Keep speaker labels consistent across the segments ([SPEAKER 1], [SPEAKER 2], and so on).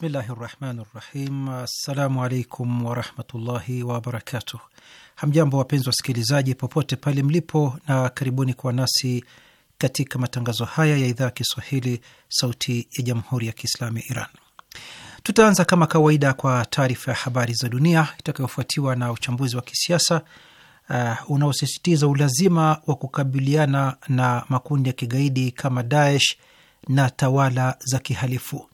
[SPEAKER 1] Bismillahi rahmani rahim. Assalamu alaikum warahmatullahi wabarakatuh. Hamjambo wapenzi wasikilizaji, popote pale mlipo, na karibuni kwa nasi katika matangazo haya ya idhaa ya Kiswahili, Sauti ya Jamhuri ya Kiislamu ya Iran. Tutaanza kama kawaida kwa taarifa ya habari za dunia itakayofuatiwa na uchambuzi wa kisiasa uh, unaosisitiza ulazima wa kukabiliana na makundi ya kigaidi kama Daesh na tawala za kihalifu.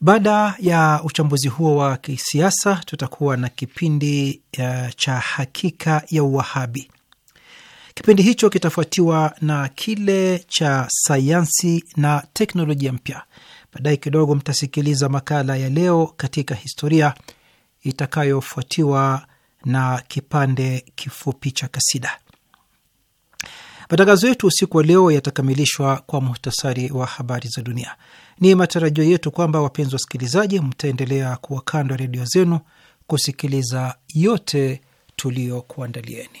[SPEAKER 1] Baada ya uchambuzi huo wa kisiasa, tutakuwa na kipindi uh, cha hakika ya Uwahabi. Kipindi hicho kitafuatiwa na kile cha sayansi na teknolojia mpya. Baadaye kidogo mtasikiliza makala ya leo katika historia itakayofuatiwa na kipande kifupi cha kasida. Matangazo yetu usiku wa leo yatakamilishwa kwa muhtasari wa habari za dunia. Ni matarajio yetu kwamba wapenzi wasikilizaji, mtaendelea kuwa kando ya redio zenu kusikiliza yote tuliyokuandalieni.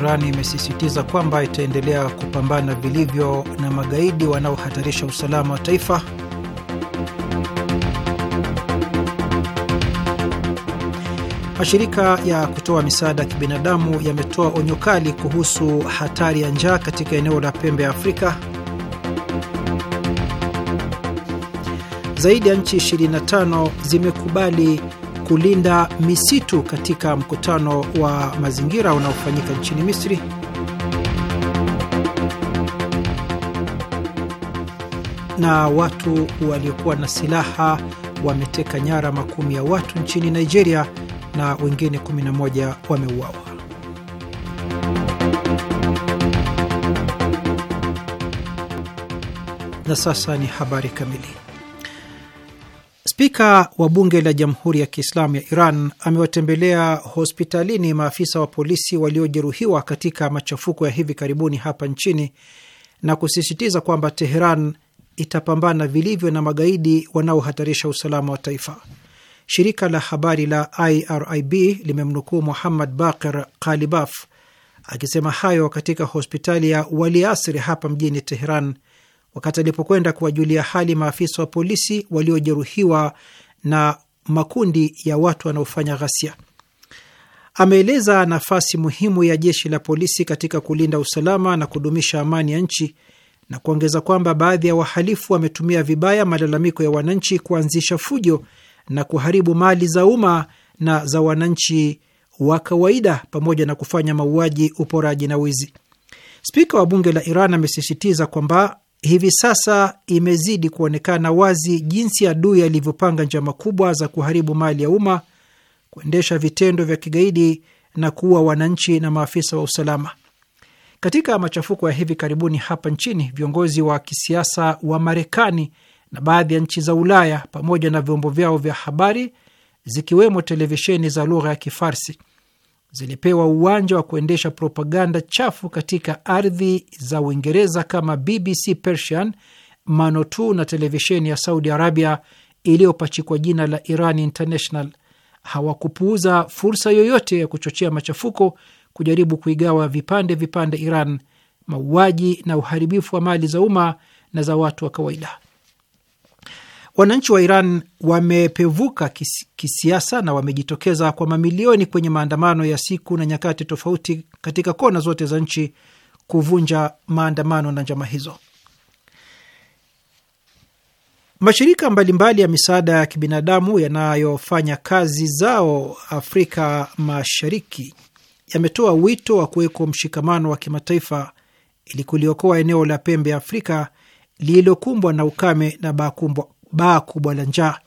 [SPEAKER 1] Iran imesisitiza kwamba itaendelea kupambana vilivyo na magaidi wanaohatarisha usalama wa taifa. Mashirika ya kutoa misaada ya kibinadamu yametoa onyo kali kuhusu hatari ya njaa katika eneo la pembe ya Afrika. Zaidi ya nchi 25 zimekubali kulinda misitu katika mkutano wa mazingira unaofanyika nchini Misri. Na watu waliokuwa na silaha wameteka nyara makumi ya watu nchini Nigeria na wengine 11 wameuawa. Na sasa ni habari kamili. Spika wa bunge la Jamhuri ya Kiislamu ya Iran amewatembelea hospitalini maafisa wa polisi waliojeruhiwa katika machafuko ya hivi karibuni hapa nchini na kusisitiza kwamba Teheran itapambana vilivyo na magaidi wanaohatarisha usalama wa taifa. Shirika la habari la IRIB limemnukuu Muhammad Bakir Kalibaf akisema hayo katika hospitali ya Waliasri hapa mjini Teheran wakati alipokwenda kuwajulia hali maafisa wa polisi waliojeruhiwa na makundi ya watu wanaofanya ghasia. Ameeleza nafasi muhimu ya jeshi la polisi katika kulinda usalama na kudumisha amani ya nchi na kuongeza kwamba baadhi ya wahalifu wametumia vibaya malalamiko ya wananchi kuanzisha fujo na kuharibu mali za umma na za wananchi wa kawaida pamoja na kufanya mauaji, uporaji na wizi. Spika wa bunge la Iran amesisitiza kwamba hivi sasa imezidi kuonekana wazi jinsi adui alivyopanga njama kubwa za kuharibu mali ya umma, kuendesha vitendo vya kigaidi na kuua wananchi na maafisa wa usalama. Katika machafuko ya hivi karibuni hapa nchini, viongozi wa kisiasa wa Marekani na baadhi ya nchi za Ulaya pamoja na vyombo vyao vya habari zikiwemo televisheni za lugha ya Kifarsi zilipewa uwanja wa kuendesha propaganda chafu katika ardhi za Uingereza kama BBC Persian, Manoto na televisheni ya Saudi Arabia iliyopachikwa jina la Iran International. Hawakupuuza fursa yoyote ya kuchochea machafuko, kujaribu kuigawa vipande vipande Iran, mauaji na uharibifu wa mali za umma na za watu wa kawaida. Wananchi wa Iran wamepevuka kisiasa na wamejitokeza kwa mamilioni kwenye maandamano ya siku na nyakati tofauti katika kona zote za nchi kuvunja maandamano na njama hizo. Mashirika mbalimbali ya misaada ya kibinadamu yanayofanya kazi zao Afrika Mashariki yametoa wito wa kuwekwa mshikamano wa kimataifa ili kuliokoa eneo la pembe ya Afrika lililokumbwa na ukame na baa kubwa baa kubwa la njaa.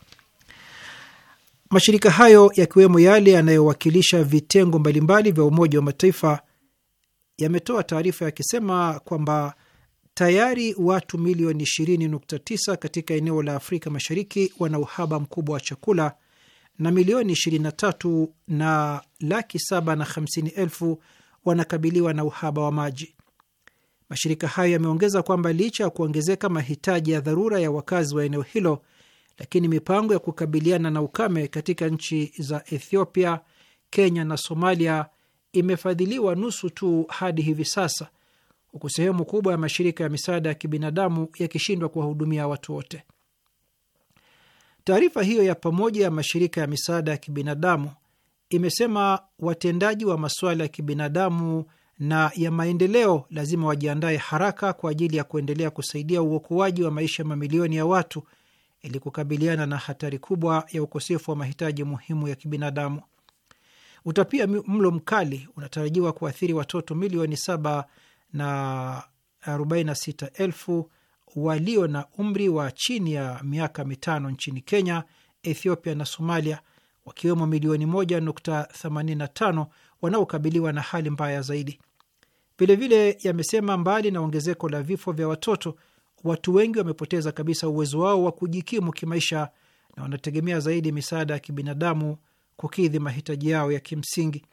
[SPEAKER 1] Mashirika hayo yakiwemo yale yanayowakilisha vitengo mbalimbali vya Umoja wa Mataifa yametoa taarifa yakisema kwamba tayari watu milioni 20.9 katika eneo la Afrika Mashariki wana uhaba mkubwa wa chakula na milioni 23 na laki 7 na hamsini elfu wanakabiliwa na uhaba wa maji. Mashirika hayo yameongeza kwamba licha ya kuongezeka mahitaji ya dharura ya wakazi wa eneo hilo, lakini mipango ya kukabiliana na ukame katika nchi za Ethiopia, Kenya na Somalia imefadhiliwa nusu tu hadi hivi sasa, huku sehemu kubwa ya mashirika ya misaada ya kibinadamu yakishindwa kuwahudumia watu wote. Taarifa hiyo ya pamoja ya mashirika ya misaada ya kibinadamu imesema watendaji wa masuala ya kibinadamu na ya maendeleo, lazima wajiandae haraka kwa ajili ya kuendelea kusaidia uokoaji wa maisha mamilioni ya watu ili kukabiliana na hatari kubwa ya ukosefu wa mahitaji muhimu ya kibinadamu. Utapia mlo mkali unatarajiwa kuathiri watoto milioni saba na 46 elfu walio na umri wa chini ya miaka mitano nchini Kenya, Ethiopia na Somalia, wakiwemo milioni 1.85 wanaokabiliwa na hali mbaya zaidi. Vilevile yamesema mbali na ongezeko la vifo vya watoto, watu wengi wamepoteza kabisa uwezo wao wa kujikimu kimaisha na wanategemea zaidi misaada ya kibinadamu kukidhi mahitaji yao ya kimsingi.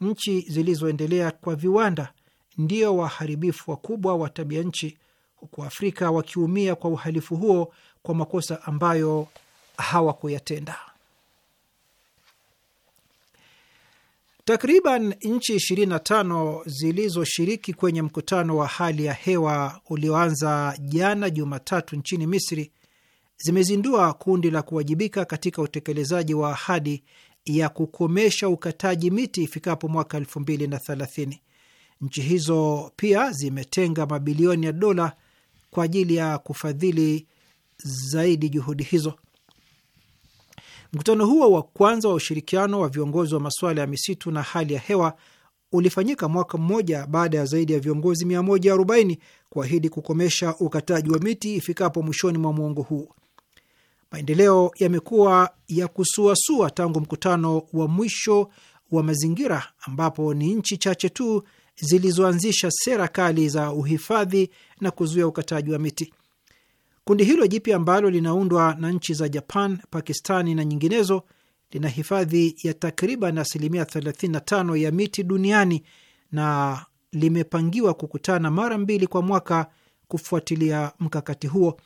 [SPEAKER 1] Nchi zilizoendelea kwa viwanda ndio waharibifu wakubwa wa tabia nchi, huku Afrika wakiumia kwa uhalifu huo kwa makosa ambayo hawakuyatenda. Takriban nchi 25 zilizoshiriki kwenye mkutano wa hali ya hewa ulioanza jana Jumatatu nchini Misri zimezindua kundi la kuwajibika katika utekelezaji wa ahadi ya kukomesha ukataji miti ifikapo mwaka 2030. Nchi hizo pia zimetenga mabilioni ya dola kwa ajili ya kufadhili zaidi juhudi hizo. Mkutano huo wa kwanza wa ushirikiano wa viongozi wa masuala ya misitu na hali ya hewa ulifanyika mwaka mmoja baada ya zaidi ya viongozi 140 kuahidi kukomesha ukataji wa miti ifikapo mwishoni mwa mwongo huu. Maendeleo yamekuwa ya kusuasua tangu mkutano wa mwisho wa mazingira, ambapo ni nchi chache tu zilizoanzisha sera kali za uhifadhi na kuzuia ukataji wa miti. Kundi hilo jipya ambalo linaundwa na nchi za Japan, Pakistani na nyinginezo lina hifadhi ya takriban asilimia 35 ya miti duniani na limepangiwa kukutana mara mbili kwa mwaka kufuatilia mkakati huo.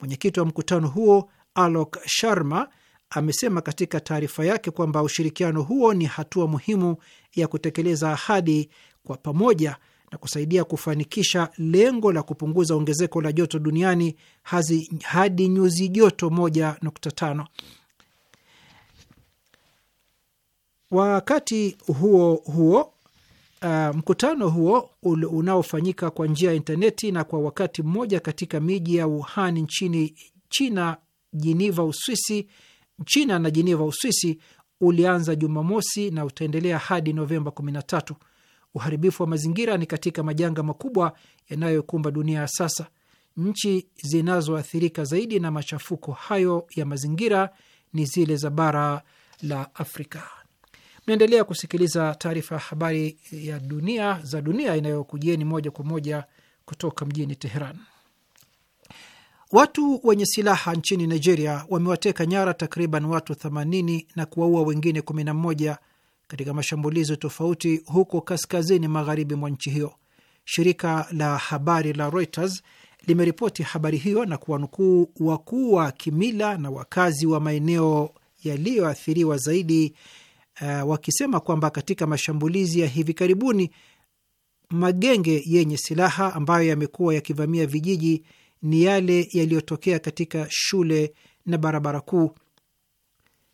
[SPEAKER 1] Mwenyekiti wa mkutano huo Alok Sharma amesema katika taarifa yake kwamba ushirikiano huo ni hatua muhimu ya kutekeleza ahadi kwa pamoja na kusaidia kufanikisha lengo la kupunguza ongezeko la joto duniani hazi, hadi nyuzi joto 1.5. Wakati huo huo uh, mkutano huo unaofanyika kwa njia ya intaneti na kwa wakati mmoja katika miji ya Wuhan nchini China, Jiniva Uswisi, China na Jiniva Uswisi ulianza Jumamosi na utaendelea hadi Novemba kumi tatu uharibifu wa mazingira ni katika majanga makubwa yanayokumba dunia ya sasa. Nchi zinazoathirika zaidi na machafuko hayo ya mazingira ni zile za bara la Afrika. Mnaendelea kusikiliza taarifa ya habari ya dunia za dunia inayokujieni moja kwa moja kutoka mjini Teheran. Watu wenye silaha nchini Nigeria wamewateka nyara takriban watu 80 na kuwaua wengine 11 katika mashambulizi tofauti huko kaskazini magharibi mwa nchi hiyo. Shirika la habari la Reuters limeripoti habari hiyo na kuwanukuu wakuu wa kimila na wakazi wa maeneo yaliyoathiriwa zaidi uh, wakisema kwamba katika mashambulizi ya hivi karibuni magenge yenye silaha ambayo yamekuwa yakivamia vijiji ni yale yaliyotokea katika shule na barabara kuu.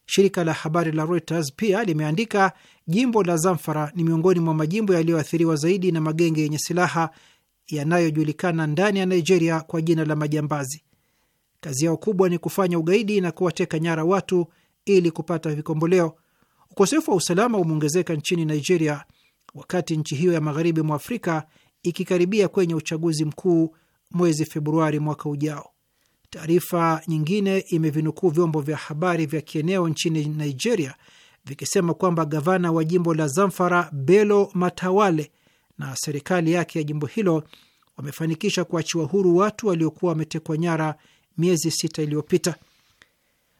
[SPEAKER 1] Shirika la habari la Reuters pia limeandika jimbo la Zamfara ni miongoni mwa majimbo yaliyoathiriwa zaidi na magenge yenye silaha yanayojulikana ndani ya Nigeria kwa jina la majambazi. Kazi yao kubwa ni kufanya ugaidi na kuwateka nyara watu ili kupata vikomboleo. Ukosefu wa usalama umeongezeka nchini Nigeria wakati nchi hiyo ya magharibi mwa Afrika ikikaribia kwenye uchaguzi mkuu mwezi Februari mwaka ujao. Taarifa nyingine imevinukuu vyombo vya habari vya kieneo nchini Nigeria vikisema kwamba gavana wa jimbo la Zamfara Bello Matawalle na serikali yake ya jimbo hilo wamefanikisha kuachiwa huru watu waliokuwa wametekwa nyara miezi sita iliyopita.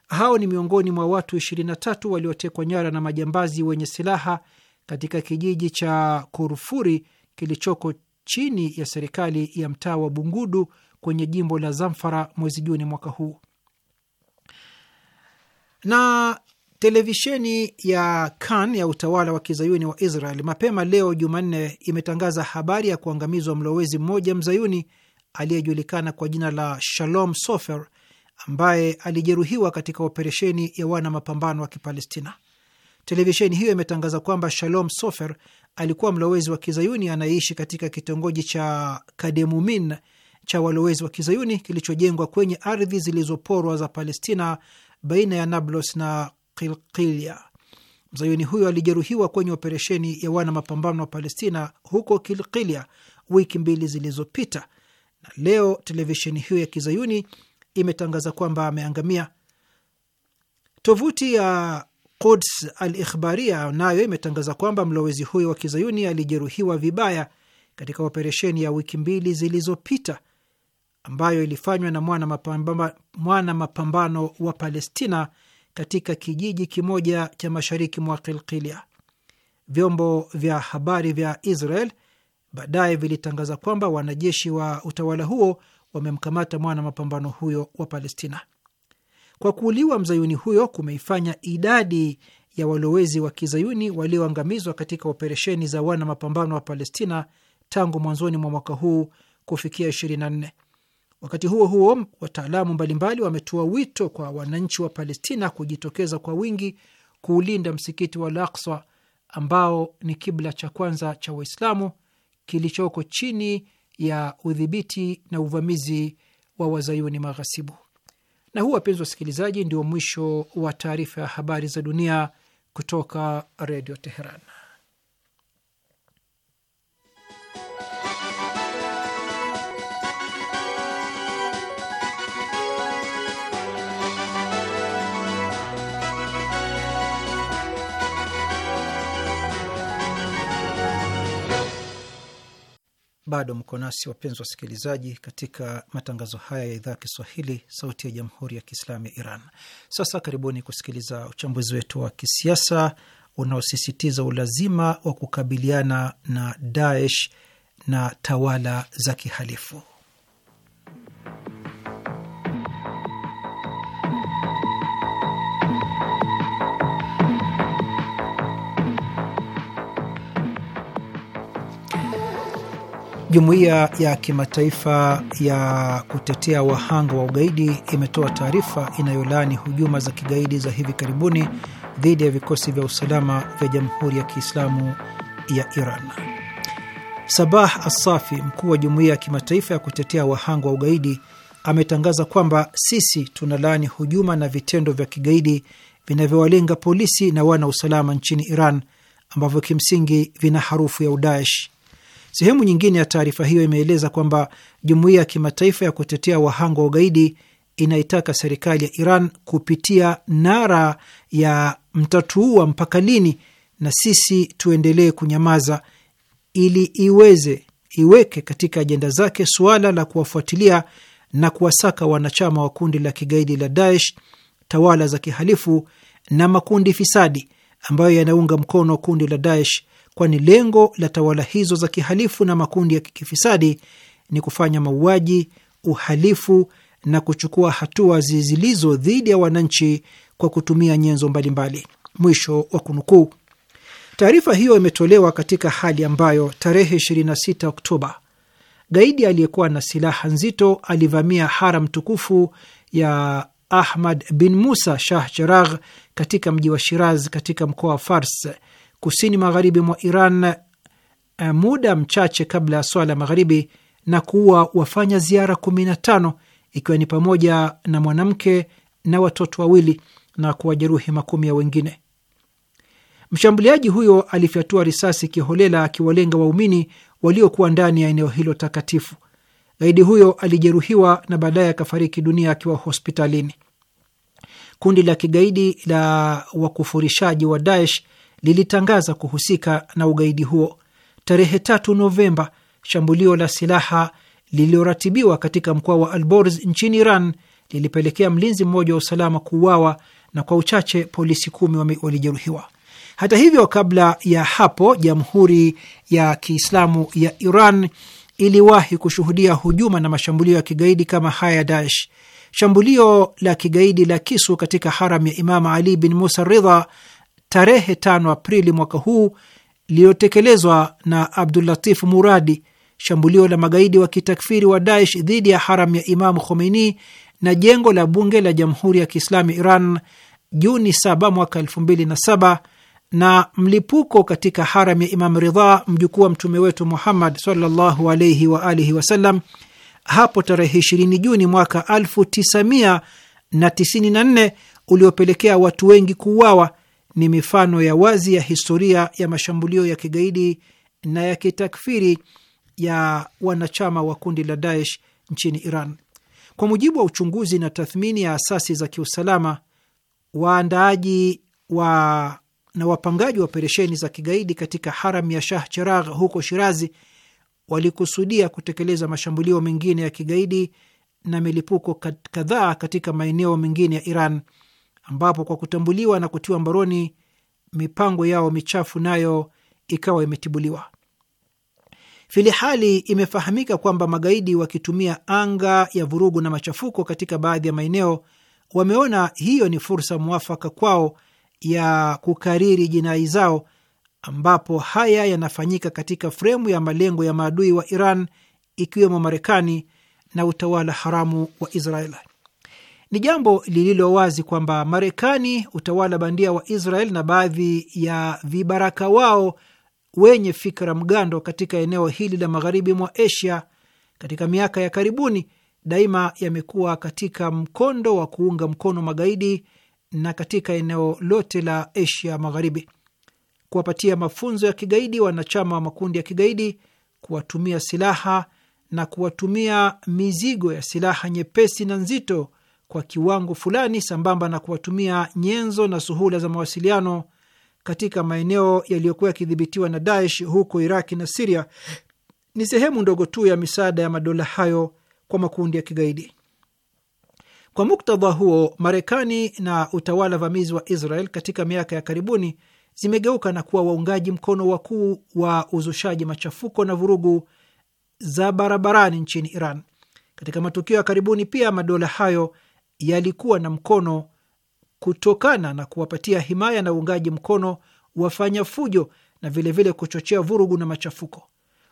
[SPEAKER 1] Hao ni miongoni mwa watu 23 waliotekwa nyara na majambazi wenye silaha katika kijiji cha Kurufuri kilichoko chini ya serikali ya mtaa wa Bungudu kwenye jimbo la Zamfara mwezi Juni mwaka huu. Na televisheni ya Kan ya utawala wa kizayuni wa Israel mapema leo Jumanne imetangaza habari ya kuangamizwa mlowezi mmoja mzayuni aliyejulikana kwa jina la Shalom Sofer ambaye alijeruhiwa katika operesheni ya wana mapambano wa Kipalestina. Televisheni hiyo imetangaza kwamba Shalom Sofer alikuwa mlowezi wa kizayuni anayeishi katika kitongoji cha Kademumin cha walowezi wa kizayuni kilichojengwa kwenye ardhi zilizoporwa za Palestina baina ya Nablus na Kilkilia. Mzayuni huyo alijeruhiwa kwenye operesheni ya wana mapambano wa Palestina huko Kilkilia wiki mbili zilizopita, na leo televisheni hiyo ya kizayuni imetangaza kwamba ameangamia. Tovuti ya Quds Al Ikhbaria nayo imetangaza kwamba mlowezi huyo wa kizayuni alijeruhiwa vibaya katika operesheni ya wiki mbili zilizopita ambayo ilifanywa na mwana mapambano, mwana mapambano wa Palestina katika kijiji kimoja cha mashariki mwa Kilkilia. Vyombo vya habari vya Israel baadaye vilitangaza kwamba wanajeshi wa utawala huo wamemkamata mwana mapambano huyo wa Palestina. Kwa kuuliwa mzayuni huyo kumeifanya idadi ya walowezi wa kizayuni walioangamizwa katika operesheni za wana mapambano wa Palestina tangu mwanzoni mwa mwaka huu kufikia 24. Wakati huo huo, wataalamu mbalimbali wametoa wito kwa wananchi wa Palestina kujitokeza kwa wingi kuulinda msikiti wa Al-Aqsa ambao ni kibla cha kwanza cha Waislamu kilichoko chini ya udhibiti na uvamizi wa wazayuni maghasibu. Na huu, wapenzi wasikilizaji, ndio mwisho wa taarifa ya habari za dunia kutoka Redio Teheran. Bado mko nasi wapenzi wasikilizaji, katika matangazo haya ya idhaa ya Kiswahili, sauti ya jamhuri ya kiislamu ya Iran. Sasa karibuni kusikiliza uchambuzi wetu wa kisiasa unaosisitiza ulazima wa kukabiliana na Daesh na tawala za kihalifu. Jumuiya ya kimataifa ya kutetea wahanga wa ugaidi imetoa taarifa inayolaani hujuma za kigaidi za hivi karibuni dhidi ya vikosi vya usalama vya Jamhuri ya Kiislamu ya Iran. Sabah Asafi, mkuu wa Jumuiya ya kimataifa ya kutetea wahanga wa ugaidi, ametangaza kwamba sisi tunalaani hujuma na vitendo vya kigaidi vinavyowalenga polisi na wana usalama nchini Iran ambavyo kimsingi vina harufu ya udaesh Sehemu nyingine ya taarifa hiyo imeeleza kwamba jumuiya ya kimataifa ya kutetea wahanga wa ugaidi inaitaka serikali ya Iran kupitia nara ya mtatuua mpaka lini na sisi tuendelee kunyamaza, ili iweze iweke katika ajenda zake suala la kuwafuatilia na kuwasaka wanachama wa kundi la kigaidi la Daesh, tawala za kihalifu na makundi fisadi ambayo yanaunga mkono kundi la Daesh kwani lengo la tawala hizo za kihalifu na makundi ya kifisadi ni kufanya mauaji, uhalifu na kuchukua hatua zilizo dhidi ya wananchi kwa kutumia nyenzo mbalimbali. Mwisho wa kunukuu. Taarifa hiyo imetolewa katika hali ambayo tarehe 26 Oktoba gaidi aliyekuwa na silaha nzito alivamia haram tukufu ya Ahmad bin Musa Shah Cheragh katika mji wa Shiraz katika mkoa wa Fars kusini magharibi mwa Iran eh, muda mchache kabla ya swala ya magharibi na kuua wafanya ziara 15 ikiwa ni pamoja na mwanamke na watoto wawili na kuwajeruhi makumi ya wengine. Mshambuliaji huyo alifyatua risasi kiholela akiwalenga waumini waliokuwa ndani ya eneo hilo takatifu. Gaidi huyo alijeruhiwa na baadaye akafariki dunia akiwa hospitalini. Kundi la kigaidi la wakufurishaji wa Daesh lilitangaza kuhusika na ugaidi huo. Tarehe tatu Novemba, shambulio la silaha lililoratibiwa katika mkoa wa Alborz nchini Iran lilipelekea mlinzi mmoja wa usalama kuuawa na kwa uchache polisi kumi walijeruhiwa. Hata hivyo, kabla ya hapo, Jamhuri ya Kiislamu ya Iran iliwahi kushuhudia hujuma na mashambulio ya kigaidi kama haya Daesh. Shambulio la kigaidi la kisu katika haram ya Imam Ali bin Musa Ridha tarehe 5 Aprili mwaka huu liliyotekelezwa na Abdulatif Muradi, shambulio la magaidi wa kitakfiri wa Daesh dhidi ya haram ya Imamu Khomeini na jengo la bunge la Jamhuri ya Kiislamu Iran Juni 7 mwaka 2007 na mlipuko katika haram ya Imam Ridha, mjukuu wa mtume wetu Muhammad sallallahu alaihi wa alihi wasallam hapo tarehe 20 Juni mwaka 1994 uliopelekea watu wengi kuuawa ni mifano ya wazi ya historia ya mashambulio ya kigaidi na ya kitakfiri ya wanachama wa kundi la Daesh nchini Iran. Kwa mujibu wa uchunguzi na tathmini ya asasi za kiusalama, waandaaji wa na wapangaji wa operesheni za kigaidi katika haram ya Shah Cheragh huko Shirazi walikusudia kutekeleza mashambulio mengine ya kigaidi na milipuko kadhaa katika maeneo mengine ya Iran ambapo kwa kutambuliwa na kutiwa mbaroni mipango yao michafu nayo ikawa imetibuliwa. Filihali imefahamika kwamba magaidi wakitumia anga ya vurugu na machafuko katika baadhi ya maeneo, wameona hiyo ni fursa mwafaka kwao ya kukariri jinai zao, ambapo haya yanafanyika katika fremu ya malengo ya maadui wa Iran ikiwemo Marekani na utawala haramu wa Israeli. Ni jambo lililo wazi kwamba Marekani, utawala bandia wa Israel na baadhi ya vibaraka wao wenye fikra mgando katika eneo hili la magharibi mwa Asia katika miaka ya karibuni daima yamekuwa katika mkondo wa kuunga mkono magaidi na katika eneo lote la Asia Magharibi, kuwapatia mafunzo ya kigaidi wanachama wa makundi ya kigaidi, kuwatumia silaha na kuwatumia mizigo ya silaha nyepesi na nzito kwa kiwango fulani, sambamba na kuwatumia nyenzo na suhula za mawasiliano katika maeneo yaliyokuwa yakidhibitiwa na Daesh huko Iraki na Siria ni sehemu ndogo tu ya misaada ya madola hayo kwa makundi ya kigaidi. Kwa muktadha huo, Marekani na utawala vamizi wa Israel katika miaka ya karibuni zimegeuka na kuwa waungaji mkono wakuu wa uzushaji machafuko na vurugu za barabarani nchini Iran. Katika matukio ya karibuni pia, madola hayo yalikuwa na mkono kutokana na kuwapatia himaya na uungaji mkono wafanya fujo na vilevile vile kuchochea vurugu na machafuko.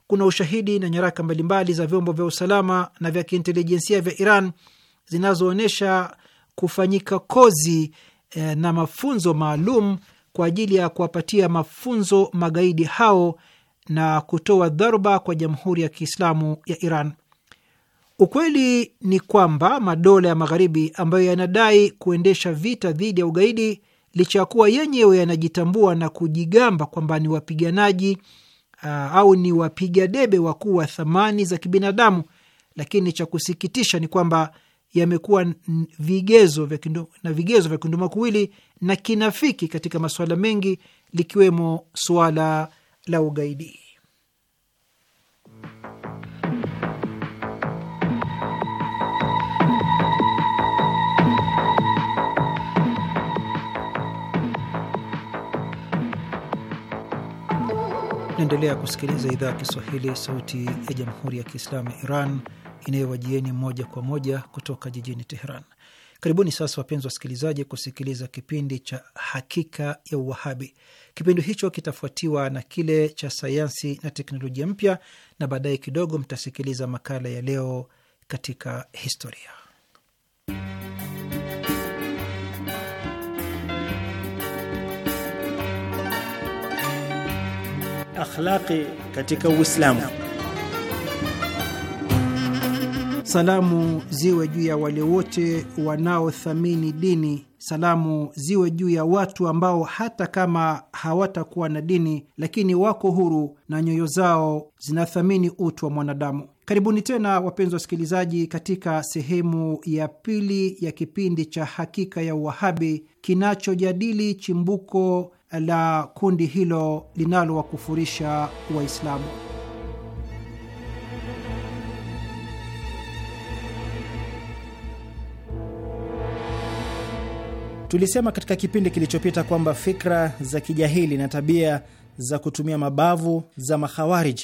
[SPEAKER 1] Kuna ushahidi na nyaraka mbalimbali za vyombo vya usalama na vya kiintelijensia vya Iran zinazoonyesha kufanyika kozi eh, na mafunzo maalum kwa ajili ya kuwapatia mafunzo magaidi hao na kutoa dharuba kwa Jamhuri ya Kiislamu ya Iran. Ukweli ni kwamba madola ya Magharibi ambayo yanadai kuendesha vita dhidi ya ugaidi, licha ya kuwa yenyewe yanajitambua na kujigamba kwamba ni wapiganaji uh, au ni wapiga debe wakuu wa thamani za kibinadamu, lakini cha kusikitisha ni kwamba yamekuwa vigezo vya kindu, na vigezo vya kindumakuwili na kinafiki katika masuala mengi likiwemo suala la ugaidi. Naendelea kusikiliza idhaa ya Kiswahili, sauti ya jamhuri ya kiislamu ya Iran inayowajieni moja kwa moja kutoka jijini Teheran. Karibuni sasa wapenzi wasikilizaji, kusikiliza kipindi cha Hakika ya Uwahabi. Kipindi hicho kitafuatiwa na kile cha Sayansi na Teknolojia Mpya, na baadaye kidogo mtasikiliza makala ya Leo katika Historia.
[SPEAKER 2] akhlaqi katika Uislamu. Salamu
[SPEAKER 1] ziwe juu ya wale wote wanaothamini dini. Salamu ziwe juu ya watu ambao hata kama hawatakuwa na dini, lakini wako huru na nyoyo zao zinathamini utu wa mwanadamu. Karibuni tena wapenzi wasikilizaji, katika sehemu ya pili ya kipindi cha Hakika ya Uwahabi kinachojadili chimbuko la kundi hilo linalowakufurisha
[SPEAKER 2] Waislamu. Tulisema katika kipindi kilichopita kwamba fikra za kijahili na tabia za kutumia mabavu za Makhawarij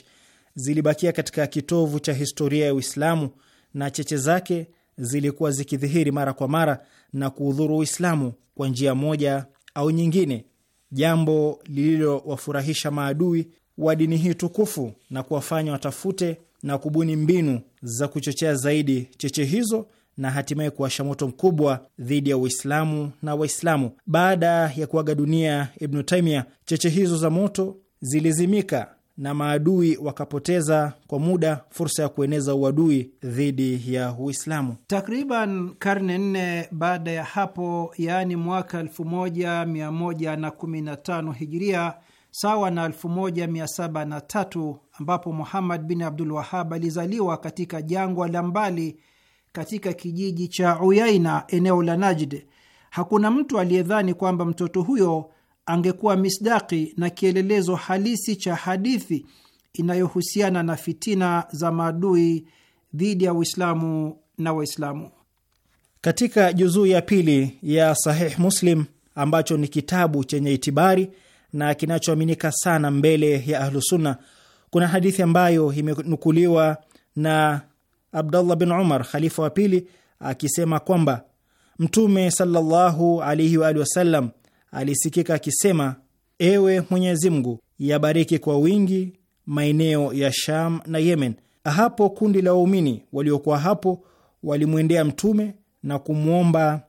[SPEAKER 2] zilibakia katika kitovu cha historia ya Uislamu na cheche zake zilikuwa zikidhihiri mara kwa mara na kuudhuru Uislamu kwa njia moja au nyingine, jambo lililowafurahisha maadui wa dini hii tukufu na kuwafanya watafute na kubuni mbinu za kuchochea zaidi cheche hizo na hatimaye kuwasha moto mkubwa dhidi ya Uislamu na Waislamu. Baada ya kuaga dunia Ibnu Taimia, cheche hizo za moto zilizimika na maadui wakapoteza kwa muda fursa ya kueneza uadui dhidi ya Uislamu. Takriban karne nne baada ya hapo, yaani mwaka
[SPEAKER 1] 1115 Hijiria, sawa na 1703, ambapo Muhammad bin Abdul Wahab alizaliwa katika jangwa la mbali katika kijiji cha Uyaina, eneo la Najd. Hakuna mtu aliyedhani kwamba mtoto huyo angekuwa misdaki na kielelezo halisi cha hadithi inayohusiana na fitina za maadui dhidi ya Uislamu na
[SPEAKER 2] Waislamu. Katika juzuu ya pili ya Sahih Muslim, ambacho ni kitabu chenye itibari na kinachoaminika sana mbele ya Ahlusunna, kuna hadithi ambayo imenukuliwa na Abdullah bin Umar, khalifa wa pili, akisema kwamba Mtume sallallahu alaihi wa alihi wasallam alisikika akisema: ewe Mwenyezi Mungu, yabariki kwa wingi maeneo ya Sham na Yemen. Hapo kundi la waumini waliokuwa hapo walimwendea Mtume na kumwomba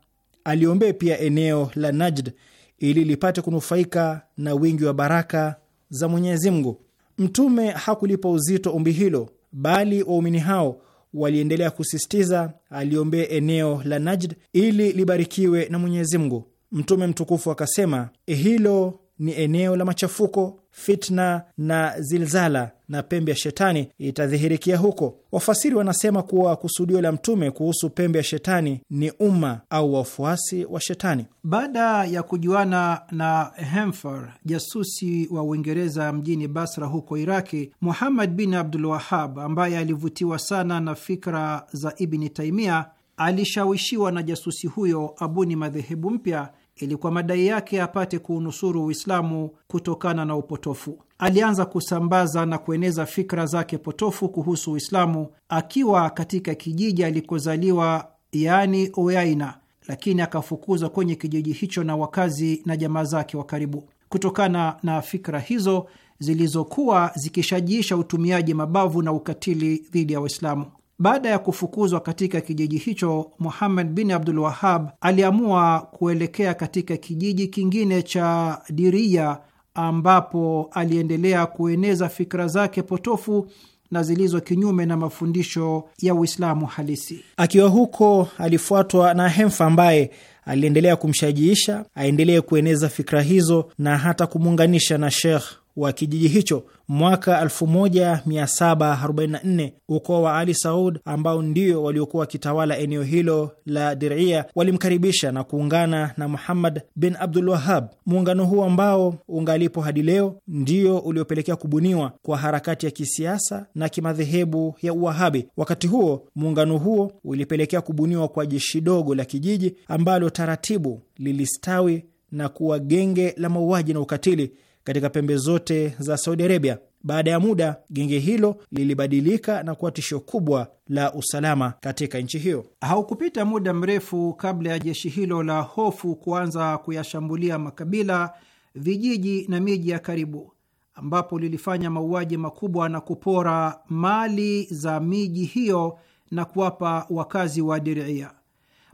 [SPEAKER 2] aliombee pia eneo la Najd ili lipate kunufaika na wingi wa baraka za Mwenyezi Mungu. Mtume hakulipa uzito ombi hilo, bali waumini hao waliendelea kusisitiza aliombee eneo la Najd ili libarikiwe na Mwenyezi Mungu. Mtume mtukufu akasema, hilo ni eneo la machafuko, fitna na zilzala, na pembe ya shetani itadhihirikia huko. Wafasiri wanasema kuwa kusudio la Mtume kuhusu pembe ya shetani ni umma au wafuasi wa shetani. Baada ya
[SPEAKER 1] kujuana na Hemfer, jasusi wa Uingereza mjini Basra huko Iraki, Muhammad bin Abdul Wahab ambaye alivutiwa sana na fikra za Ibni Taimia alishawishiwa na jasusi huyo abuni madhehebu mpya ili kwa madai yake apate kuunusuru Uislamu kutokana na upotofu. Alianza kusambaza na kueneza fikra zake potofu kuhusu Uislamu akiwa katika kijiji alikozaliwa, yaani Oyaina, lakini akafukuzwa kwenye kijiji hicho na wakazi na jamaa zake wa karibu kutokana na fikra hizo zilizokuwa zikishajiisha utumiaji mabavu na ukatili dhidi ya Waislamu. Baada ya kufukuzwa katika kijiji hicho, Muhammad bin Abdul Wahab aliamua kuelekea katika kijiji kingine cha Diria ambapo aliendelea kueneza fikra zake potofu na zilizo kinyume na mafundisho ya Uislamu halisi.
[SPEAKER 2] Akiwa huko, alifuatwa na Hemfa ambaye aliendelea kumshajiisha aendelee kueneza fikra hizo na hata kumuunganisha na Sheikh wa kijiji hicho. Mwaka 1744 ukoo wa Ali Saud ambao ndio waliokuwa wakitawala eneo hilo la Diria walimkaribisha na kuungana na Muhammad bin Abdul Wahab. Muungano huu ambao ungalipo hadi leo ndio uliopelekea kubuniwa kwa harakati ya kisiasa na kimadhehebu ya Uwahabi. Wakati huo muungano huo ulipelekea kubuniwa kwa jeshi dogo la kijiji ambalo taratibu lilistawi na kuwa genge la mauaji na ukatili katika pembe zote za Saudi Arabia. Baada ya muda, genge hilo lilibadilika na kuwa tisho kubwa la usalama katika nchi hiyo.
[SPEAKER 1] Haukupita muda mrefu kabla ya jeshi hilo la hofu kuanza kuyashambulia makabila, vijiji na miji ya karibu, ambapo lilifanya mauaji makubwa na kupora mali za miji hiyo na kuwapa wakazi wa Diria.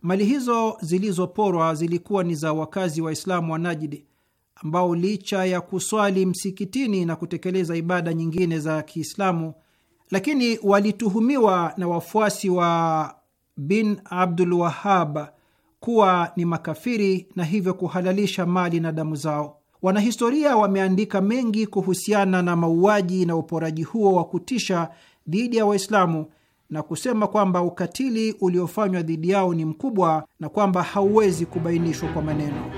[SPEAKER 1] Mali hizo zilizoporwa zilikuwa ni za wakazi Waislamu wa Najdi ambao licha ya kuswali msikitini na kutekeleza ibada nyingine za Kiislamu, lakini walituhumiwa na wafuasi wa bin Abdul Wahab kuwa ni makafiri na hivyo kuhalalisha mali na damu zao. Wanahistoria wameandika mengi kuhusiana na mauaji na uporaji huo wa kutisha dhidi ya Waislamu na kusema kwamba ukatili uliofanywa dhidi yao ni mkubwa na kwamba hauwezi kubainishwa kwa maneno.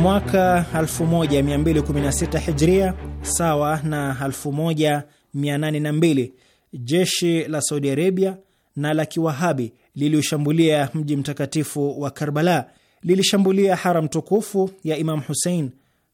[SPEAKER 2] mwaka 1216 Hijria, sawa na 1802, jeshi la Saudi Arabia na la Kiwahabi liliushambulia mji mtakatifu wa Karbala. Lilishambulia haram tukufu ya Imam Husein,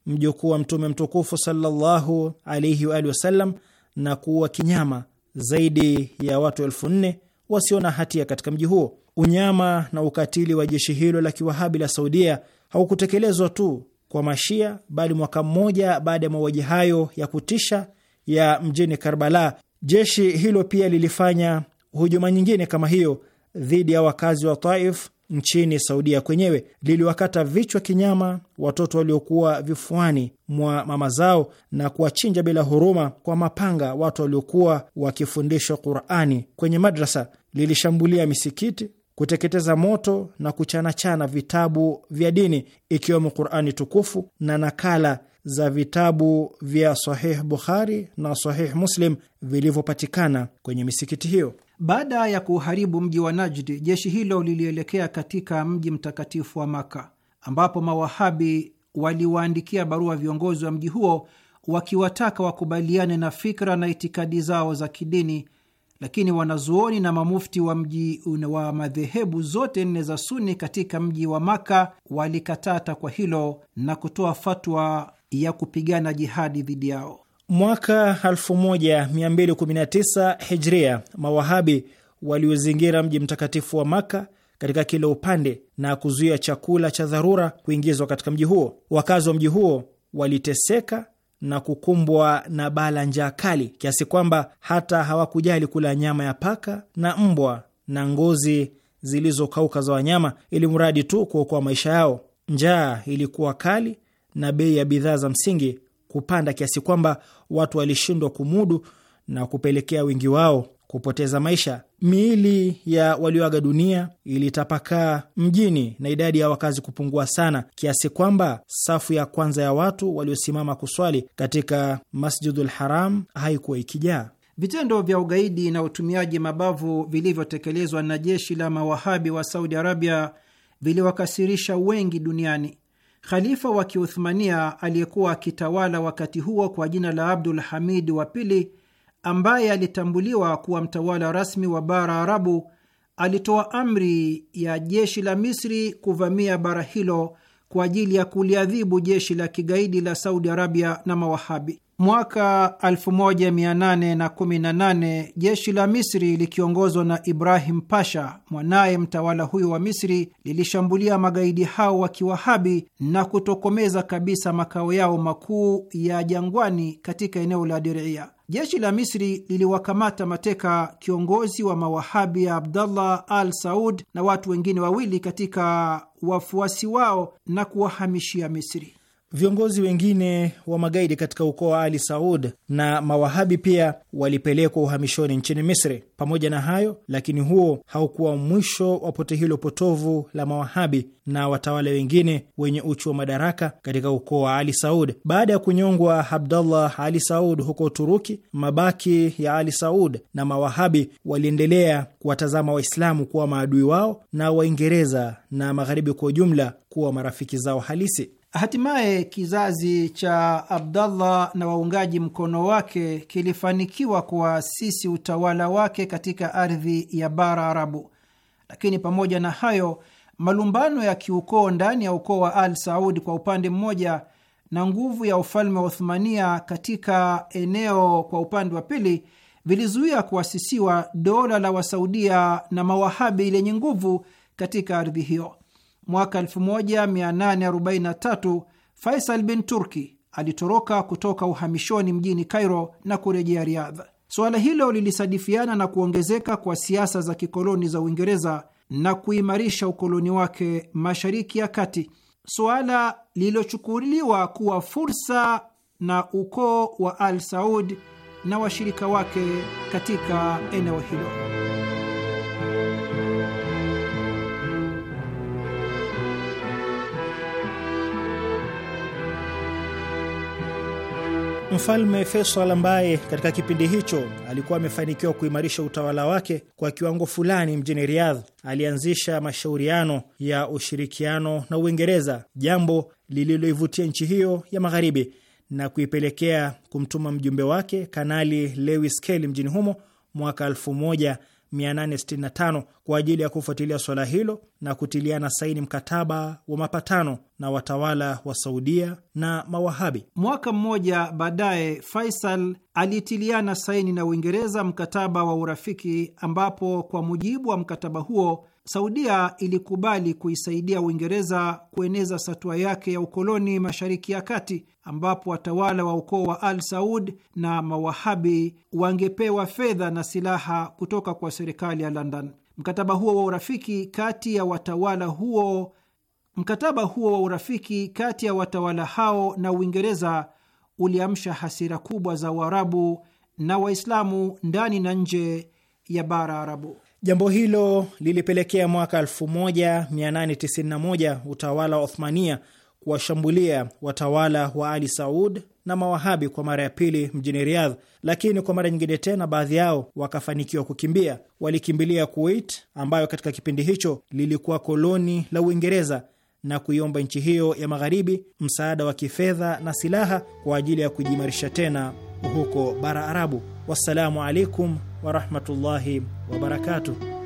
[SPEAKER 2] mjukuu wa Mtume mtukufu sallallahu alaihi wa alihi wasallam, na kuua kinyama zaidi ya watu elfu nne wasio na hatia katika mji huo. Unyama na ukatili wa jeshi hilo la Kiwahabi la Saudia haukutekelezwa tu kwa Mashia, bali mwaka mmoja baada ya mauaji hayo ya kutisha ya mjini Karbala, jeshi hilo pia lilifanya hujuma nyingine kama hiyo dhidi ya wakazi wa Taif nchini Saudia kwenyewe. Liliwakata vichwa kinyama watoto waliokuwa vifuani mwa mama zao na kuwachinja bila huruma kwa mapanga watu waliokuwa wakifundishwa Qurani kwenye madrasa. Lilishambulia misikiti, kuteketeza moto na kuchanachana vitabu vya dini ikiwemo Qurani tukufu na nakala za vitabu vya Sahih Bukhari na Sahih Muslim vilivyopatikana kwenye misikiti hiyo.
[SPEAKER 1] Baada ya kuuharibu mji wa najdi jeshi hilo lilielekea katika mji mtakatifu wa Maka ambapo Mawahabi waliwaandikia barua viongozi wa mji huo wakiwataka wakubaliane na fikra na itikadi zao za kidini lakini wanazuoni na mamufti wa mji wa madhehebu zote nne za Suni katika mji wa Maka walikataa takwa hilo na kutoa fatwa ya kupigana jihadi dhidi
[SPEAKER 2] yao. Mwaka 1219 Hijria, Mawahabi waliozingira mji mtakatifu wa Maka katika kila upande na kuzuia chakula cha dharura kuingizwa katika mji huo. Wakazi wa mji huo waliteseka na kukumbwa na bala njaa kali kiasi kwamba hata hawakujali kula nyama ya paka na mbwa na ngozi zilizokauka za wanyama, ili mradi tu kuokoa maisha yao. Njaa ilikuwa kali na bei ya bidhaa za msingi kupanda kiasi kwamba watu walishindwa kumudu na kupelekea wingi wao kupoteza maisha. Miili ya walioaga dunia ilitapakaa mjini na idadi ya wakazi kupungua sana kiasi kwamba safu ya kwanza ya watu waliosimama kuswali katika Masjidul Haram haikuwa ikijaa. Vitendo vya ugaidi na utumiaji mabavu
[SPEAKER 1] vilivyotekelezwa na jeshi la mawahabi wa Saudi Arabia viliwakasirisha wengi duniani. Khalifa wa Kiuthmania aliyekuwa akitawala wakati huo kwa jina la Abdul Hamid wa pili ambaye alitambuliwa kuwa mtawala rasmi wa bara Arabu, alitoa amri ya jeshi la Misri kuvamia bara hilo kwa ajili ya kuliadhibu jeshi la kigaidi la Saudi Arabia na mawahabi. Mwaka 1818 jeshi la Misri likiongozwa na Ibrahim Pasha, mwanaye mtawala huyo wa Misri, lilishambulia magaidi hao wa kiwahabi na kutokomeza kabisa makao yao makuu ya jangwani katika eneo la Diria. Jeshi la Misri liliwakamata mateka kiongozi wa mawahabi ya Abdallah al Saud na watu wengine wawili katika wafuasi
[SPEAKER 2] wao na kuwahamishia Misri. Viongozi wengine wa magaidi katika ukoo wa Ali Saud na mawahabi pia walipelekwa uhamishoni nchini Misri. Pamoja na hayo lakini, huo haukuwa mwisho wa pote hilo potovu la mawahabi na watawala wengine wenye uchu wa madaraka katika ukoo wa Ali Saud. Baada ya kunyongwa abdullah Ali Saud huko Uturuki, mabaki ya Ali Saud na mawahabi waliendelea kuwatazama Waislamu kuwa maadui wao na Waingereza na magharibi kwa ujumla kuwa marafiki zao halisi.
[SPEAKER 1] Hatimaye kizazi cha Abdallah na waungaji mkono wake kilifanikiwa kuwaasisi utawala wake katika ardhi ya bara Arabu, lakini pamoja na hayo malumbano ya kiukoo ndani ya ukoo wa Al Saudi kwa upande mmoja na nguvu ya ufalme wa Uthmania katika eneo kwa upande wa pili vilizuia kuasisiwa dola la Wasaudia na Mawahabi lenye nguvu katika ardhi hiyo mwaka 1843 Faisal bin Turki alitoroka kutoka uhamishoni mjini Cairo na kurejea riadha Suala hilo lilisadifiana na kuongezeka kwa siasa za kikoloni za Uingereza na kuimarisha ukoloni wake Mashariki ya Kati, suala lililochukuliwa kuwa fursa na ukoo wa Al Saud na washirika wake katika eneo hilo.
[SPEAKER 2] Mfalme Faisal ambaye katika kipindi hicho alikuwa amefanikiwa kuimarisha utawala wake kwa kiwango fulani mjini Riyadh, alianzisha mashauriano ya ushirikiano na Uingereza, jambo lililoivutia nchi hiyo ya magharibi na kuipelekea kumtuma mjumbe wake Kanali Lewis Kelly mjini humo mwaka 19 865 kwa ajili ya kufuatilia swala hilo na kutiliana saini mkataba wa mapatano na watawala wa Saudia na Mawahabi. Mwaka mmoja baadaye,
[SPEAKER 1] Faisal alitiliana saini na Uingereza mkataba wa urafiki, ambapo kwa mujibu wa mkataba huo Saudia ilikubali kuisaidia Uingereza kueneza satwa yake ya ukoloni Mashariki ya Kati, ambapo watawala wa ukoo wa Al Saud na Mawahabi wangepewa fedha na silaha kutoka kwa serikali ya London. Mkataba huo wa urafiki kati ya watawala huo mkataba huo wa urafiki kati ya watawala hao na Uingereza uliamsha hasira
[SPEAKER 2] kubwa za Waarabu na Waislamu ndani na nje ya bara Arabu. Jambo hilo lilipelekea mwaka 1891 utawala wa Othmania kuwashambulia watawala wa Ali Saud na Mawahabi kwa mara ya pili mjini Riyadh, lakini kwa mara nyingine tena baadhi yao wakafanikiwa kukimbia. Walikimbilia Kuwait ambayo katika kipindi hicho lilikuwa koloni la Uingereza na kuiomba nchi hiyo ya magharibi msaada wa kifedha na silaha kwa ajili ya kujiimarisha tena huko bara Arabu. Wassalamu alaikum warahmatullahi wabarakatuh.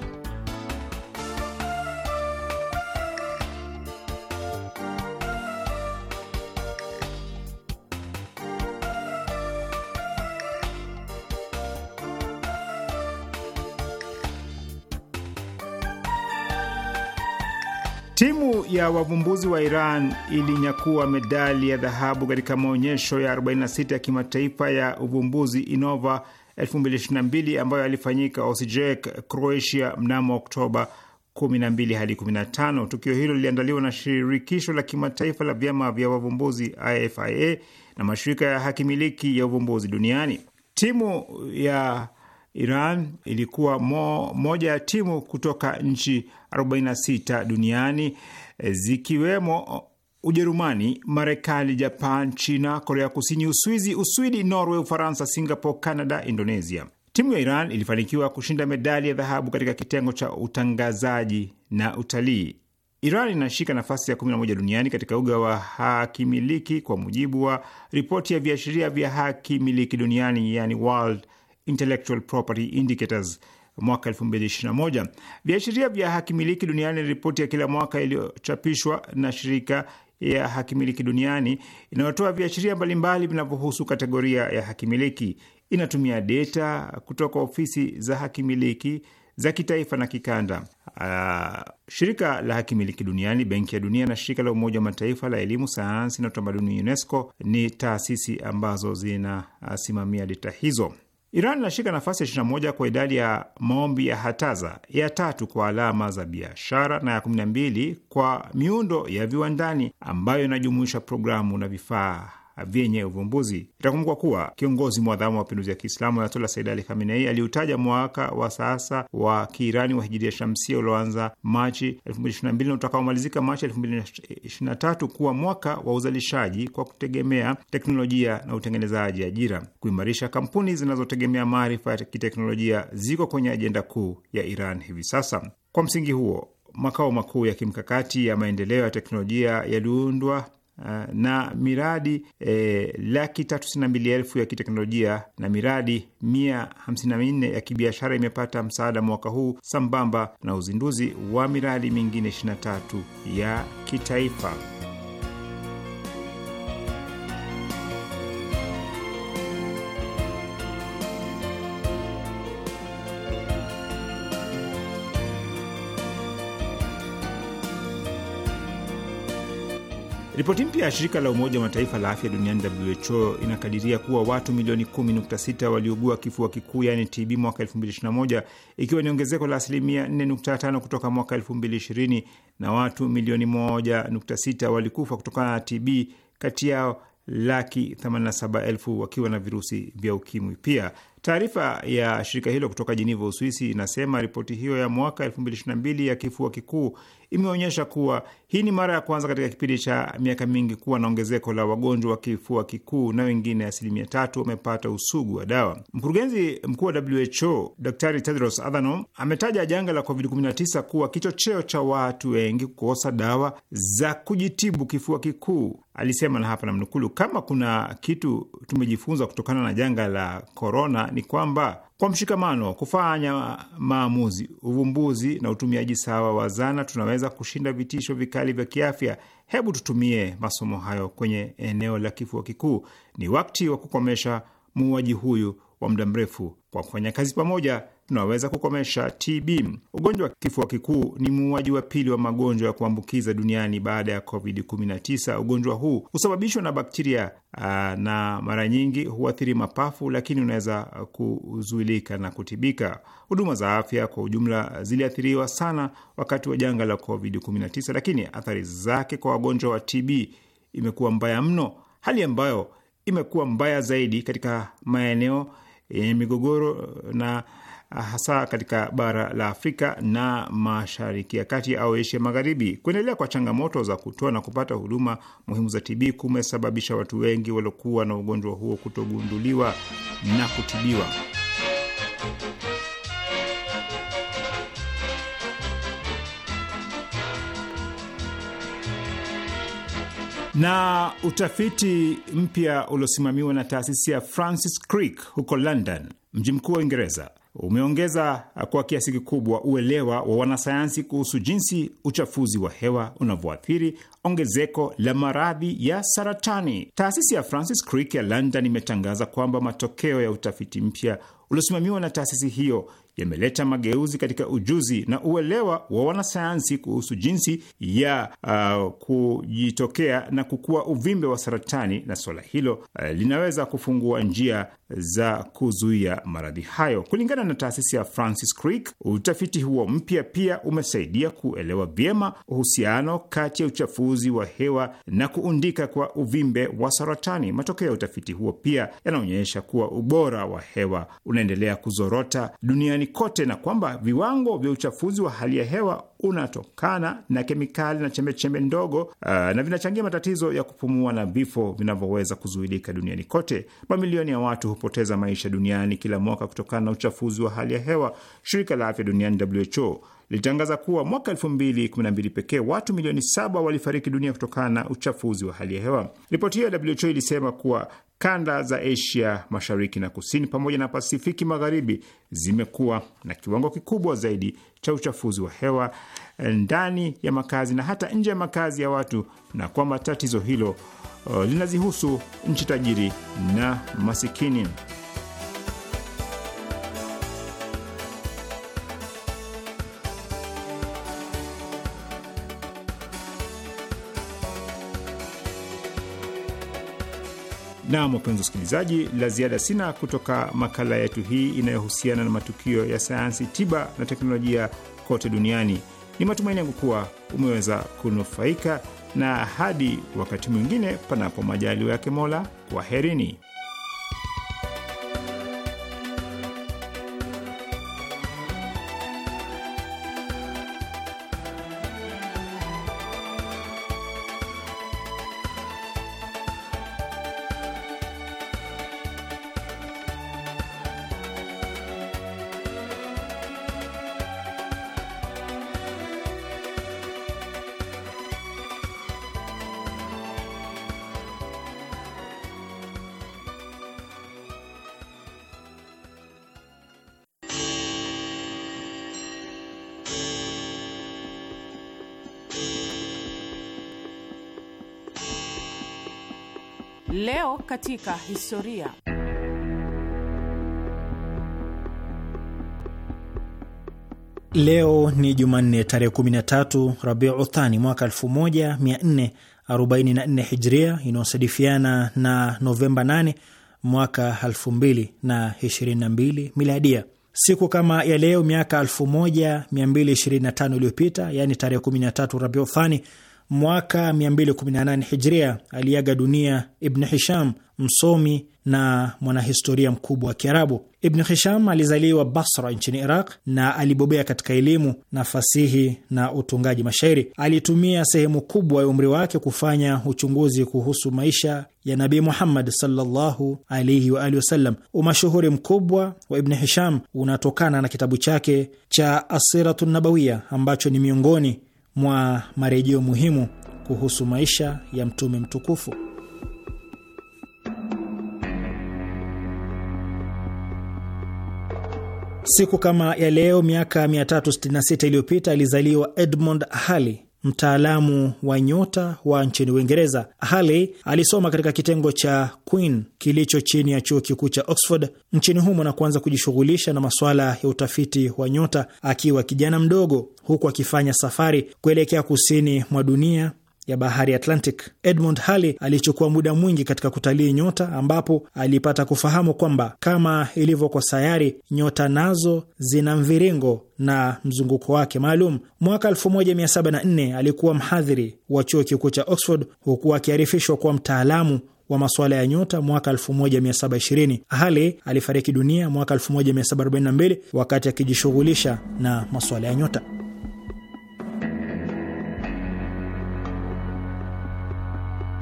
[SPEAKER 3] ya wavumbuzi wa Iran ilinyakua medali ya dhahabu katika maonyesho ya 46 ya kimataifa ya uvumbuzi Innova 2022 ambayo alifanyika Osijek, Croatia mnamo Oktoba 12 hadi 15. Tukio hilo liliandaliwa na shirikisho la kimataifa la vyama vya wavumbuzi IFIA na mashirika ya haki miliki ya uvumbuzi duniani. Timu ya Iran ilikuwa mo, moja ya timu kutoka nchi 46 duniani E, zikiwemo Ujerumani, Marekani, Japan, China, Korea Kusini, Uswizi, Uswidi, Norway, Ufaransa, Singapore, Canada, Indonesia. Timu ya Iran ilifanikiwa kushinda medali ya dhahabu katika kitengo cha utangazaji na utalii. Iran inashika nafasi ya 11 duniani katika uga wa hakimiliki kwa mujibu wa ripoti ya viashiria vya hakimiliki duniani, yani World Intellectual Property Indicators mwaka 2021. Viashiria vya hakimiliki duniani ni ripoti ya kila mwaka iliyochapishwa na shirika ya hakimiliki duniani inayotoa viashiria mbalimbali vinavyohusu kategoria ya hakimiliki. Inatumia data kutoka ofisi za hakimiliki za kitaifa na kikanda. Uh, shirika la hakimiliki duniani, Benki ya Dunia na shirika la Umoja wa Mataifa la elimu, sayansi na utamaduni UNESCO ni taasisi ambazo zinasimamia data hizo. Iran inashika nafasi ya 21 kwa idadi ya maombi ya hataza, ya tatu kwa alama za biashara na ya 12 kwa miundo ya viwandani ambayo inajumuisha programu na vifaa vyenye uvumbuzi. Itakumbukwa kuwa kiongozi mwadhamu wa mapinduzi ya Kiislamu Ayatola Said Ali Khamenei aliutaja mwaka wa sasa wa Kiirani wa hijiria shamsia ulioanza Machi 2022 na utakaomalizika Machi 2023 kuwa mwaka wa uzalishaji kwa kutegemea teknolojia na utengenezaji ajira. Kuimarisha kampuni zinazotegemea maarifa ya kiteknolojia ziko kwenye ajenda kuu ya Iran hivi sasa. Kwa msingi huo, makao makuu ya kimkakati ya maendeleo ya teknolojia yaliundwa na miradi e, laki tatu sitini na mbili elfu ya kiteknolojia na miradi mia hamsini na minne ya kibiashara imepata msaada mwaka huu sambamba na uzinduzi wa miradi mingine 23 ya kitaifa. Ripoti mpya ya shirika la Umoja wa Mataifa la afya duniani WHO inakadiria kuwa watu milioni 10.6 waliugua kifua kikuu yani TB mwaka 2021 ikiwa ni ongezeko la asilimia 4.5 kutoka mwaka 2020 na watu milioni 1.6 walikufa kutokana na TB, kati yao laki 87 wakiwa na virusi vya ukimwi. Pia taarifa ya shirika hilo kutoka Jiniva, Uswisi, inasema ripoti hiyo ya mwaka 2022 ya kifua kikuu imeonyesha kuwa hii ni mara ya kwanza katika kipindi cha miaka mingi kuwa na ongezeko la wagonjwa wa kifua kikuu na wengine asilimia tatu wamepata usugu wa dawa. Mkurugenzi mkuu wa WHO Dr Tedros Adhanom ametaja janga la COVID-19 kuwa kichocheo cha watu wengi kukosa dawa za kujitibu kifua kikuu. Alisema na hapa namnukulu, kama kuna kitu tumejifunza kutokana na janga la korona ni kwamba kwa mshikamano, kufanya maamuzi, uvumbuzi na utumiaji sawa wa zana, tunaweza kushinda vitisho vikali vya kiafya. Hebu tutumie masomo hayo kwenye eneo la kifua kikuu. Ni wakati wa kukomesha muuaji huyu wa muda mrefu. Kwa kufanya kazi pamoja, tunaweza kukomesha TB. Ugonjwa wa kifua kikuu ni muuaji wa pili wa magonjwa ya kuambukiza duniani baada ya COVID-19. Ugonjwa huu husababishwa na bakteria na mara nyingi huathiri mapafu, lakini unaweza kuzuilika na kutibika. Huduma za afya kwa ujumla ziliathiriwa sana wakati wa janga la COVID-19, lakini athari zake kwa wagonjwa wa TB imekuwa mbaya mno, hali ambayo imekuwa mbaya zaidi katika maeneo yenye migogoro na Ah, hasa katika bara la Afrika na mashariki ya kati au Asia Magharibi. Kuendelea kwa changamoto za kutoa na kupata huduma muhimu za TB kumesababisha watu wengi waliokuwa na ugonjwa huo kutogunduliwa na kutibiwa. na utafiti mpya uliosimamiwa na taasisi ya Francis Crick huko London, mji mkuu wa Uingereza, umeongeza kwa kiasi kikubwa uelewa wa wanasayansi kuhusu jinsi uchafuzi wa hewa unavyoathiri ongezeko la maradhi ya saratani. Taasisi ya Francis Crick ya London imetangaza kwamba matokeo ya utafiti mpya uliosimamiwa na taasisi hiyo yameleta mageuzi katika ujuzi na uelewa wa wanasayansi kuhusu jinsi ya uh, kujitokea na kukua uvimbe wa saratani, na suala hilo uh, linaweza kufungua njia za kuzuia maradhi hayo. Kulingana na taasisi ya Francis Crick, utafiti huo mpya pia umesaidia kuelewa vyema uhusiano kati ya uchafuzi wa hewa na kuundika kwa uvimbe wa saratani. Matokeo ya utafiti huo pia yanaonyesha kuwa ubora wa hewa unaendelea kuzorota duniani kote na kwamba viwango vya uchafuzi wa hali ya hewa unatokana na kemikali na chembechembe -chembe ndogo uh, na vinachangia matatizo ya kupumua na vifo vinavyoweza kuzuilika duniani kote. Mamilioni ya watu hupoteza maisha duniani kila mwaka kutokana na uchafuzi wa hali ya hewa. Shirika la Afya Duniani WHO lilitangaza kuwa mwaka elfu mbili kumi na mbili pekee watu milioni saba walifariki dunia kutokana na uchafuzi wa hali ya hewa. Ripoti hiyo ya WHO ilisema kuwa kanda za Asia mashariki na kusini pamoja na Pasifiki magharibi zimekuwa na kiwango kikubwa zaidi cha uchafuzi wa hewa ndani ya makazi na hata nje ya makazi ya watu, na kwamba tatizo hilo uh, linazihusu nchi tajiri na masikini. na wapenzi wasikilizaji, la ziada sina kutoka makala yetu hii inayohusiana na matukio ya sayansi, tiba na teknolojia kote duniani. Ni matumaini yangu kuwa umeweza kunufaika na hadi wakati mwingine, panapo majaliwa yake Mola, kwaherini.
[SPEAKER 4] katika historia.
[SPEAKER 2] Leo ni Jumanne tarehe 13 Rabiu Thani mwaka 1444 Hijria, inayosadifiana na Novemba 8 mwaka 2022 Miladia. Siku kama ya leo miaka 1225 iliyopita, yaani tarehe 13 Rabiu Thani mwaka 218 hijria aliaga dunia Ibn Hisham, msomi na mwanahistoria mkubwa wa Kiarabu. Ibn Hisham alizaliwa Basra nchini Iraq na alibobea katika elimu na fasihi na utungaji mashairi. Alitumia sehemu kubwa ya umri wake kufanya uchunguzi kuhusu maisha ya Nabii Muhammad sallallahu alaihi wa alihi wasallam. Umashuhuri mkubwa wa Ibn Hisham unatokana na kitabu chake cha Asiratu Nabawiya ambacho ni miongoni mwa marejeo muhimu kuhusu maisha ya mtume mtukufu. Siku kama ya leo miaka 366 iliyopita alizaliwa Edmund Halley, mtaalamu wa nyota wa nchini Uingereza. Halley alisoma katika kitengo cha Queen kilicho chini ya chuo kikuu cha Oxford nchini humo na kuanza kujishughulisha na masuala ya utafiti wa nyota akiwa kijana mdogo, huku akifanya safari kuelekea kusini mwa dunia ya bahari Atlantic. Edmund Halley alichukua muda mwingi katika kutalii nyota, ambapo alipata kufahamu kwamba kama ilivyo kwa sayari, nyota nazo zina mviringo na mzunguko wake maalum. Mwaka 1704 alikuwa mhadhiri wa chuo kikuu cha Oxford, huku akiarifishwa kuwa mtaalamu wa masuala ya nyota mwaka 1720. Halley alifariki dunia mwaka 1742 wakati akijishughulisha na masuala ya nyota.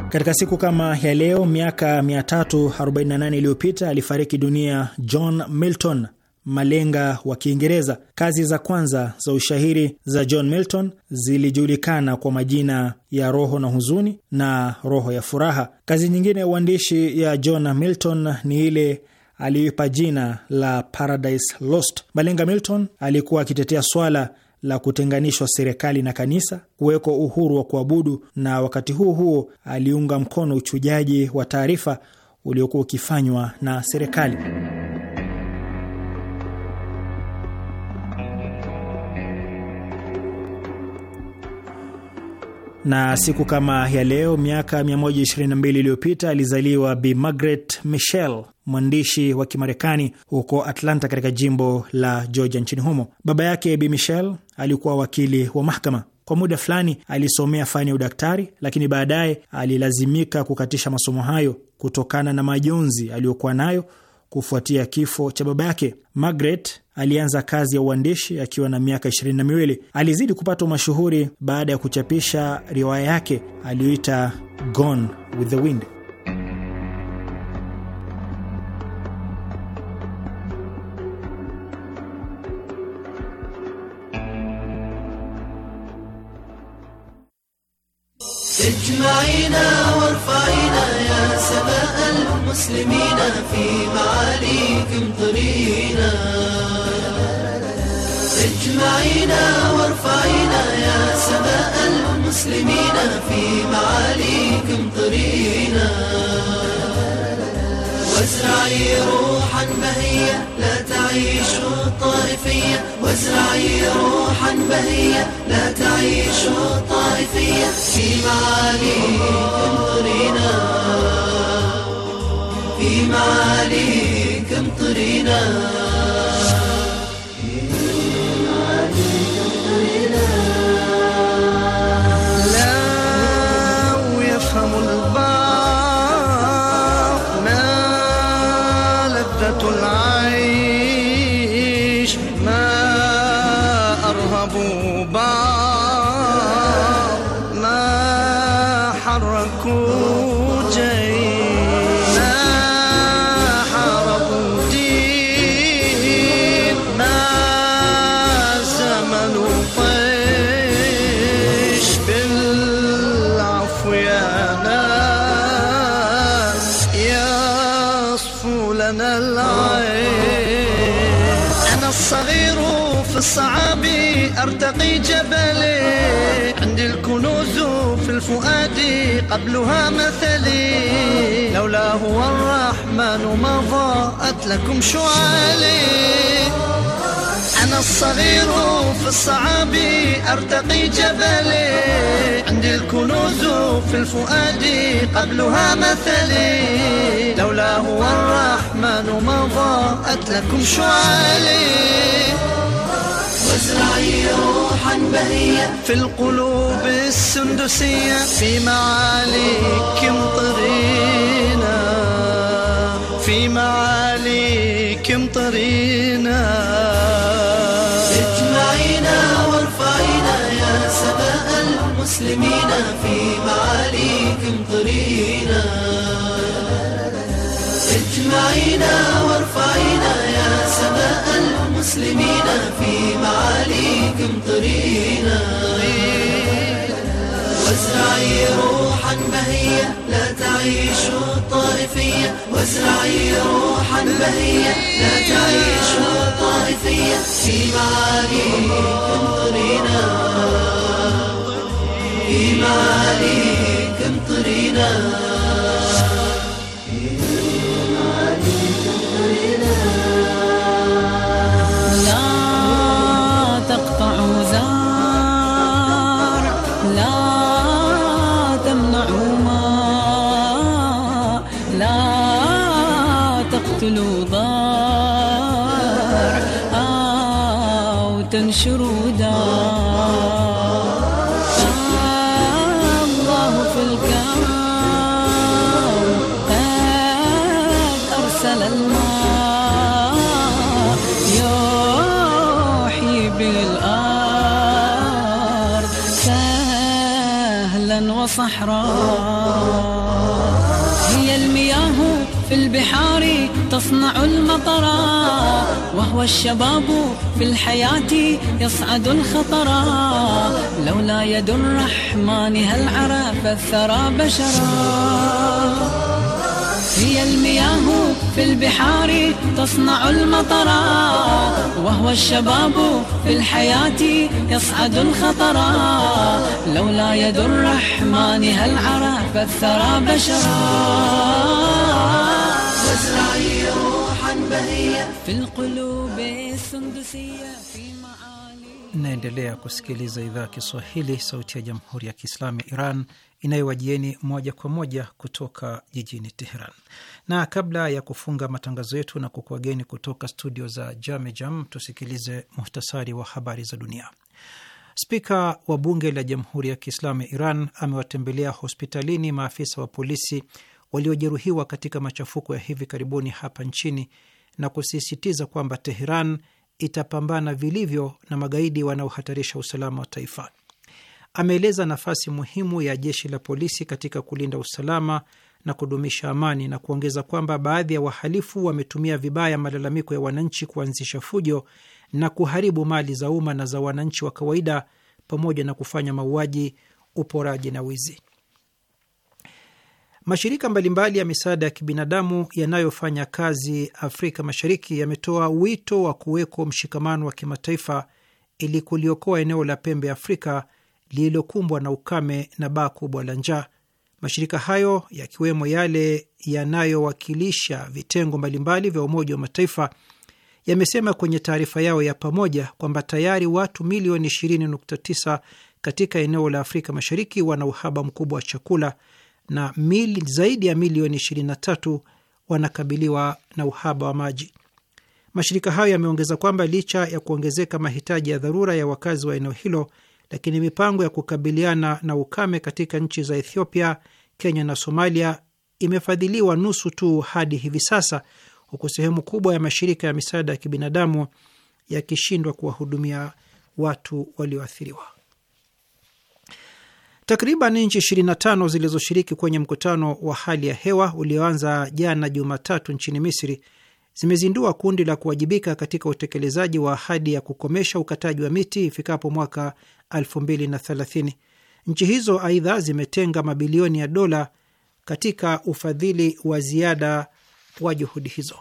[SPEAKER 2] Katika siku kama ya leo miaka 348 iliyopita alifariki dunia John Milton, malenga wa Kiingereza. Kazi za kwanza za ushairi za John Milton zilijulikana kwa majina ya Roho na Huzuni na Roho ya Furaha. Kazi nyingine ya uandishi ya John Milton ni ile aliyoipa jina la Paradise Lost. Malenga Milton alikuwa akitetea swala la kutenganishwa serikali na kanisa, kuwekwa uhuru wa kuabudu, na wakati huo huo aliunga mkono uchujaji wa taarifa uliokuwa ukifanywa na serikali. na siku kama ya leo miaka 122 iliyopita alizaliwa Bi Margaret michel mwandishi wa Kimarekani huko Atlanta katika jimbo la Georgia nchini humo. Baba yake Bi Mitchell alikuwa wakili wa mahakama. Kwa muda fulani alisomea fani ya udaktari, lakini baadaye alilazimika kukatisha masomo hayo kutokana na majonzi aliyokuwa nayo kufuatia kifo cha baba yake. Margaret alianza kazi ya uandishi akiwa na miaka ishirini na miwili. Alizidi kupata mashuhuri baada ya kuchapisha riwaya yake aliyoita Gone with the Wind.
[SPEAKER 5] يا سماء المسلمين
[SPEAKER 6] في معاليكم طرينا اجمعينا وارفعينا يا سماء المسلمين في معاليكم طرينا وازرعي روحا بهية لا تعيش الطائفية وازرعي روحا بهية لا تعيش الطائفية في معاليكم طرينا مالك امطرنا
[SPEAKER 7] الصعاب أرتقي جبلي عندي الكنوز في الفؤاد قبلها مثلي لولا هو الرحمن ما ضاءت لكم شعالي أنا الصغير في الصعاب أرتقي جبلي عندي الكنوز في الفؤاد قبلها مثلي لولا هو الرحمن ما ضاءت لكم شعالي المزرعي روحا بهية في القلوب السندسية في معاليك مطرينا في معاليك مطرينا اجمعينا وارفعينا يا سبأ المسلمين في
[SPEAKER 6] معاليك مطرينا اجمعينا وارفعينا يا سماء المسلمين في معاليكم امطرينا وازرعي روحا بهية لا تعيش طائفية وازرعي روحا بهية لا تعيش طائفية في معاليكم امطرينا في معاليكم امطرينا تلو ضار آه وتنشر دار الله في الكون قد أرسل الماء يوحي بالأرض سهلا وصحراء في البحار تصنع المطرا وهو الشباب في الحياة يصعد الخطرا لولا يد الرحمن هل عرف الثرى بشرا هي المياه في البحار تصنع المطرا وهو الشباب في الحياة يصعد الخطرا لولا يد الرحمن هل عرف الثرى بشرا
[SPEAKER 1] Naendelea kusikiliza idhaa ya Kiswahili, sauti ya jamhuri ya kiislamu ya Iran inayowajieni moja kwa moja kutoka jijini Teheran. Na kabla ya kufunga matangazo yetu na kukuageni kutoka studio za Jamejam, tusikilize muhtasari wa habari za dunia. Spika wa bunge la jamhuri ya kiislamu ya Iran amewatembelea hospitalini maafisa wa polisi waliojeruhiwa katika machafuko ya hivi karibuni hapa nchini na kusisitiza kwamba Teheran itapambana vilivyo na magaidi wanaohatarisha usalama wa taifa. Ameeleza nafasi muhimu ya jeshi la polisi katika kulinda usalama na kudumisha amani na kuongeza kwamba baadhi ya wahalifu wametumia vibaya malalamiko ya wananchi kuanzisha fujo na kuharibu mali za umma na za wananchi wa kawaida pamoja na kufanya mauaji, uporaji na wizi. Mashirika mbalimbali ya misaada ya kibinadamu yanayofanya kazi Afrika Mashariki yametoa wito wa kuwekwa mshikamano wa kimataifa ili kuliokoa eneo la pembe ya Afrika lililokumbwa na ukame na baa kubwa la njaa. Mashirika hayo yakiwemo yale yanayowakilisha vitengo mbalimbali vya Umoja wa Mataifa yamesema kwenye taarifa yao ya pamoja kwamba tayari watu milioni 20.9 katika eneo la Afrika Mashariki wana uhaba mkubwa wa chakula na mili, zaidi ya milioni 23 wanakabiliwa na uhaba wa maji. Mashirika hayo yameongeza kwamba licha ya kuongezeka mahitaji ya dharura ya wakazi wa eneo hilo, lakini mipango ya kukabiliana na ukame katika nchi za Ethiopia, Kenya na Somalia imefadhiliwa nusu tu hadi hivi sasa, huku sehemu kubwa ya mashirika ya misaada ya kibinadamu yakishindwa kuwahudumia watu walioathiriwa. Takriban nchi 25 zilizoshiriki kwenye mkutano wa hali ya hewa ulioanza jana Jumatatu nchini Misri zimezindua kundi la kuwajibika katika utekelezaji wa ahadi ya kukomesha ukataji wa miti ifikapo mwaka 2030. Nchi hizo aidha zimetenga mabilioni ya dola katika ufadhili wa ziada wa juhudi hizo.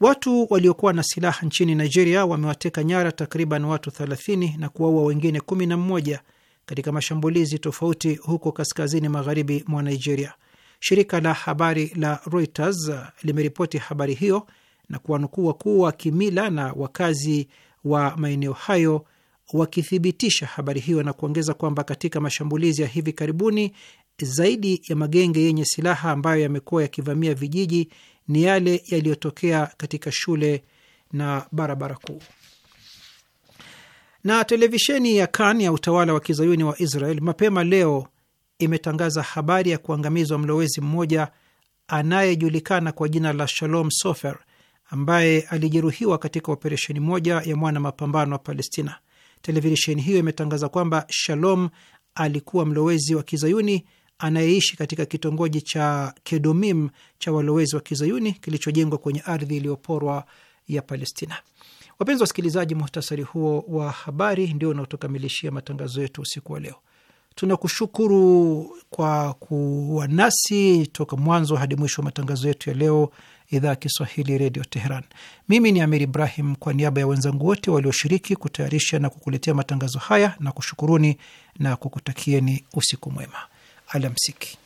[SPEAKER 1] Watu waliokuwa na silaha nchini Nigeria wamewateka nyara takriban watu 30 na kuwaua wengine 11 katika mashambulizi tofauti huko kaskazini magharibi mwa Nigeria. Shirika la habari la Reuters limeripoti habari hiyo na kuwanukuu wakuu wa kimila na wakazi wa maeneo hayo wakithibitisha habari hiyo na kuongeza kwamba katika mashambulizi ya hivi karibuni zaidi ya magenge yenye silaha ambayo yamekuwa yakivamia vijiji ni yale yaliyotokea katika shule na barabara kuu. Na televisheni ya Kan ya utawala wa kizayuni wa Israel mapema leo imetangaza habari ya kuangamizwa mlowezi mmoja anayejulikana kwa jina la Shalom Sofer ambaye alijeruhiwa katika operesheni moja ya mwana mapambano wa Palestina. Televisheni hiyo imetangaza kwamba Shalom alikuwa mlowezi wa kizayuni anayeishi katika kitongoji cha Kedomim cha walowezi wa kizayuni kilichojengwa kwenye ardhi iliyoporwa ya Palestina. Wapenzi wasikilizaji, muhtasari huo wa habari ndio unaotukamilishia matangazo yetu usiku wa leo. Tunakushukuru kwa kuwa nasi toka mwanzo hadi mwisho wa matangazo yetu ya leo, idhaa ya Kiswahili redio Teheran. Mimi ni Amir Ibrahim, kwa niaba ya wenzangu wote walioshiriki kutayarisha na kukuletea matangazo haya, na kushukuruni na kukutakieni usiku mwema. Alamsiki.